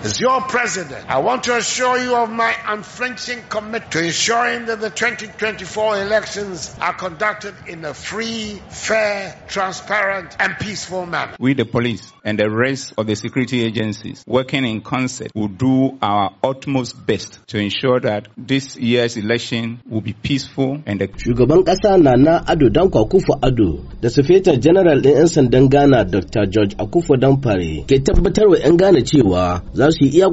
As your president, I want to assure you of my unflinching commitment to ensuring that the 2024 elections are conducted in a free, fair, transparent, and peaceful manner. We, the police, and the rest of the security agencies working in concert will do our utmost best to ensure that this year's election will be peaceful and. Shugaban da sufeta general ɗin 'yan sandan ghana dr george akufo damfare ke tabbatar wa 'yan ghana cewa za su yi iya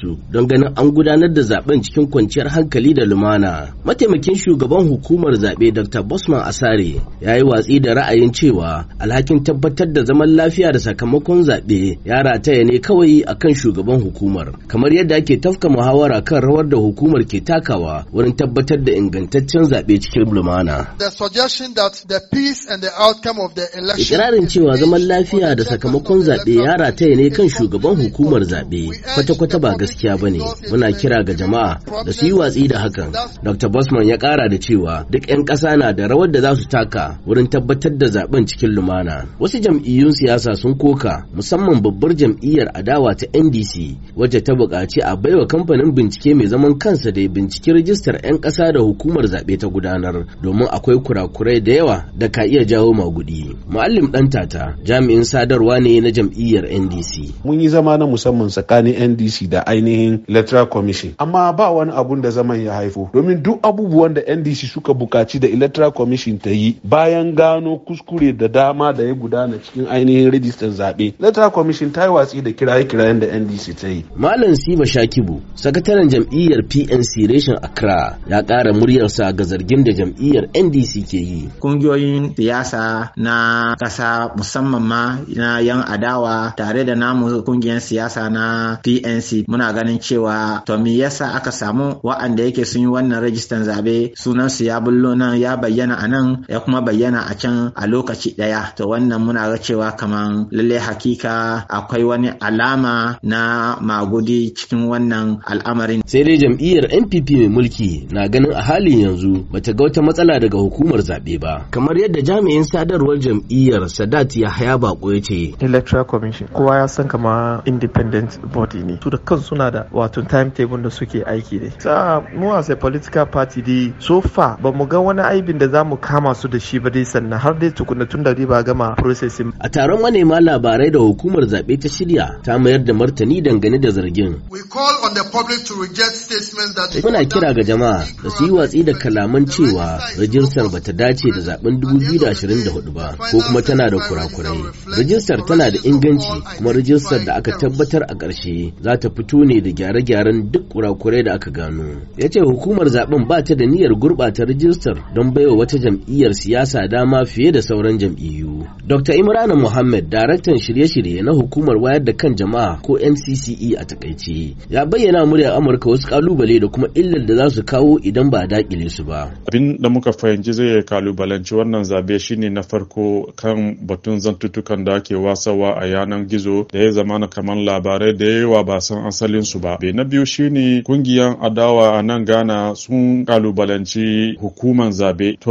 su don ganin an gudanar da zaben cikin kwanciyar hankali da lumana mataimakin shugaban hukumar zaɓe dr bosman asare ya yi watsi da ra'ayin cewa alhakin tabbatar da zaman lafiya da sakamakon zaɓe ya rataya ne kawai akan shugaban hukumar kamar yadda ake tafka muhawara kan rawar da hukumar ke takawa wurin tabbatar da ingantaccen zaɓe cikin lumana the suggestion that the peace and Ikirarin cewa zaman lafiya da sakamakon zaɓe ya rataye ne kan shugaban hukumar zaɓe kwata-kwata ba gaskiya ba ne. Muna kira ga jama'a da su yi watsi da hakan. Dr. Bosman ya ƙara da cewa duk 'yan ƙasa na da rawar da za su taka wurin tabbatar da zaɓen cikin lumana. Wasu jam'iyyun siyasa sun koka musamman babbar jam'iyyar adawa ta NDC wacce ta buƙaci a baiwa kamfanin bincike mai zaman kansa da ya binciki rijistar 'yan ƙasa da hukumar zaɓe ta gudanar domin akwai kurakurai da yawa da ka iya jawo gudi Muallim ɗan tata jami'in sadarwa ne na jam'iyyar NDC. Mun yi zama na musamman tsakanin NDC da ainihin Electoral Commission. Amma ba wani abun da zaman ya haifo. Domin duk abubuwan da NDC suka bukaci da Electoral Commission ta yi bayan gano kuskure da dama da ya gudana cikin ainihin rijistar zaɓe. Electoral Commission ta yi watsi da kiraye-kirayen da NDC ta yi. Malam Siba Shakibu, sakataren jam'iyyar PNC reshen Accra ya ƙara muryarsa ga zargin da jam'iyyar NDC ke yi. Kungiyoyin siyasa na kasa musamman ma na yan adawa tare da namu kungiyar siyasa na PNC muna ganin cewa to me yasa aka samu wa'anda yake sun yi wannan rajistan zabe sunan su ya bullo nan ya bayyana a nan ya kuma bayyana a can a lokaci ɗaya to wannan muna ga cewa kaman lalle hakika akwai wani alama na magudi cikin wannan al'amarin. Sai dai jam'iyyar NPP mai mulki na ganin a halin yanzu bata ga wata matsala daga hukumar zaɓe ba. Kamar yadda jami'in sadarwar jam'iyyar sadat ya haya bako ya ce electoral commission kowa ya san kama independent body ne to da kan suna da wato timetable da suke aiki ne sa mu as a political party dai so far ba mu ga wani aibin da za mu kama su da shi ba dai sannan har dai tukunna tun da ba gama processing a taron manema labarai da hukumar zaɓe ta shirya ta mayar da martani dangane da zargin on the public muna kira ga jama'a da su yi watsi da kalaman cewa rajistar ba ta dace da zaben 2020 da hudu ba ko kuma tana da kurakurai rijistar tana da inganci kuma rijistar da aka tabbatar a ƙarshe za ta fito ne da gyare-gyaren duk kurakurai da aka gano ya ce hukumar zaben ba ta da niyyar gurɓata rijistar don baiwa wata jam'iyyar siyasa dama fiye da sauran jam'iyyu dr imrana muhammad daraktan shirye-shirye na hukumar wayar da kan jama'a ko ncce a takaice ya bayyana muryar amurka wasu kalubale da kuma illar da za su kawo idan ba a dakile su ba abin da muka fahimci zai kalubalanci wannan zabe shine na farko kan batun zantutukan da ake wasawa a yanar gizo da ya zama na kamar labarai da yawa ba san asalin su ba Be na biyu shine kungiyan adawa a nan ghana sun kalubalanci hukuman zabe to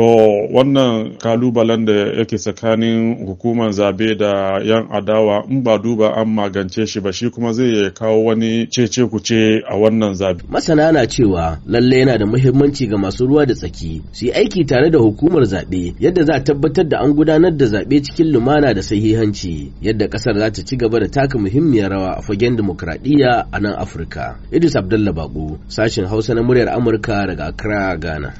wannan kalubalen da yake tsakanin hukumar zabe da yan adawa in ba duba an magance shi ba shi kuma zai kawo wani cece kuce a wannan zabe masana na cewa lalle yana da muhimmanci ga masu ruwa da tsaki su yi aiki tare da hukumar zabe yadda za a tabbatar da yadda an gudanar da zaɓe cikin lumana da sahihanci yadda ƙasar za ta ci gaba da taka muhimmiyar rawa a fagen demokradiyya a nan Afirka. Idris Abdullah Bako, sashen Hausa na muryar Amurka daga Accra, Ghana.